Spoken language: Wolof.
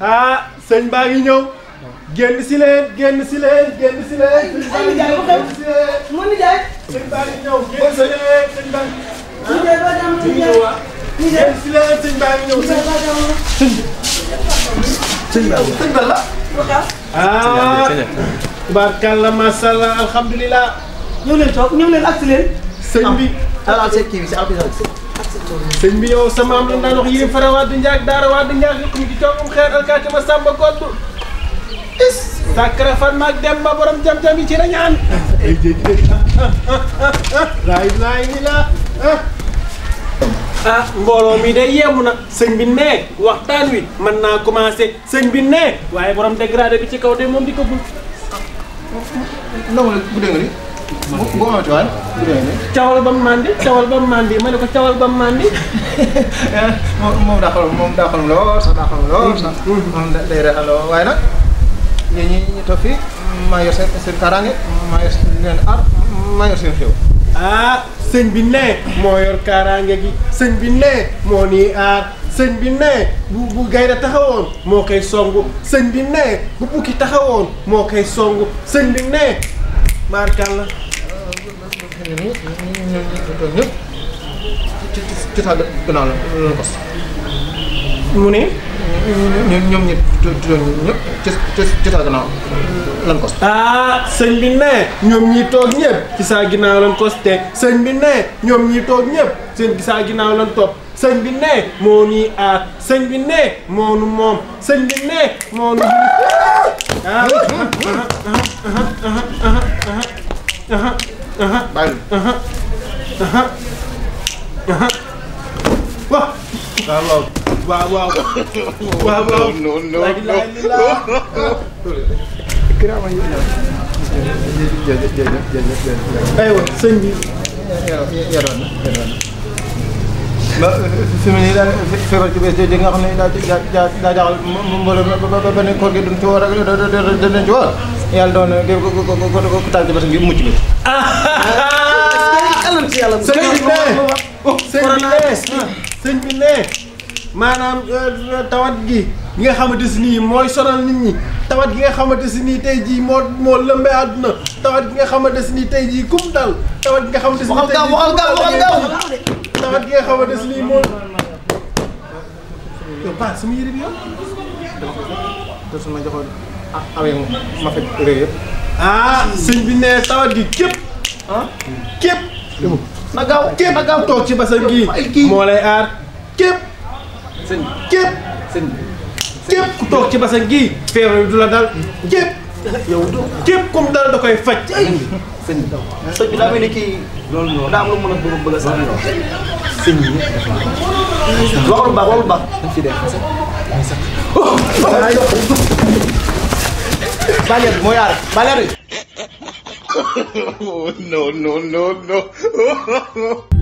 ah sëñ baa ngi ñëw. génn si leen génn si leen génn si leen. sëñ baa ngi ñëw génn si leen. sëñ baa ngi ñëw génn si leen sëñ baa ngi. ah génn si leen sëñ baa ngi ñëw sëñ. sëñ bi sëñ bi la. ah. tubaarkàlla macha allah alhamdulilah. ñëw leen toog ñëw leen agsi leen. sëñ bi. alors c' est kii bi c' est sëñ bi yow sa maam lañ daan wax yéen fara waa du njaag daara waa du ma is sàkkara fan maag dem ba borom jam-jam yi ci la ñaan ay jëj laay laay ni la ah mbooloo iya mi day yemu na sëñ bi nee waxtaan wi mën naa commencé sëñ bi nee waaye borom dégradé bi ci kaw bu bu nga bu ma ci cawal ba mandi cawal ba mandi ma ne cawal ba mandi moom ya, mau moom daxal mau sa daxal lool sa moom day reexal lool waaye nag ñi ñi ñu toog mayor maa yor seen seen karange ya, ar maa yor seen ah sëñ bi ne moo yor kaaraange ya, gi sëñ bi ne moo nii aar sëñ bi ne bu bu gayda taxawoon moo koy songu sëñ bi ne bu bukki taxawoon moo koy songu sëñ bi barkalla ñu ñu ñu ci ci la mu ne. ñoom ah, ñi sa toog ñëpp ci saa ginnaaw lan kos sëñ bi ne ñoom ñëpp seen ginnaaw lan topp sëñ bi ne moo ñuy aar sëñ bi ne moo nu moom sëñ bi ne moo nu. bàyyi waaw waaw waaw waaw waaw waaw non non non aywa sëñ bi yoroon na yoroon na ba fi mu ne daal feebar tawat gi nga xamante si nii mooy sonal nit tawat gi nga xamante si nii kum daal tawat gi nga xamante si nii waxal gaaw waxal gaaw waxal nawet gi nga xaw a des lii moom yow Ba sama yëre bi yow. ah awee ma fekk sëñ bi ne tawat gi képp. ah képp. na gaaw toog ci basal gii moo lay aar képp. sëñ bi képp. sëñ bi képp ku toog ci basal gi feebar bi du la dal képp. Yow do? Kip koum dal do ka efek? Ay! Feni. Sot mi dami ne ki... Lol lol. Dam lom moun an bonon boga san. Lol lol. Feni. Lol lol. Lol lol. Feni. Fidel. Fidel. Oh! Oh! Baleri. Mou yare. Baleri. Oh no no no no. Oh no no.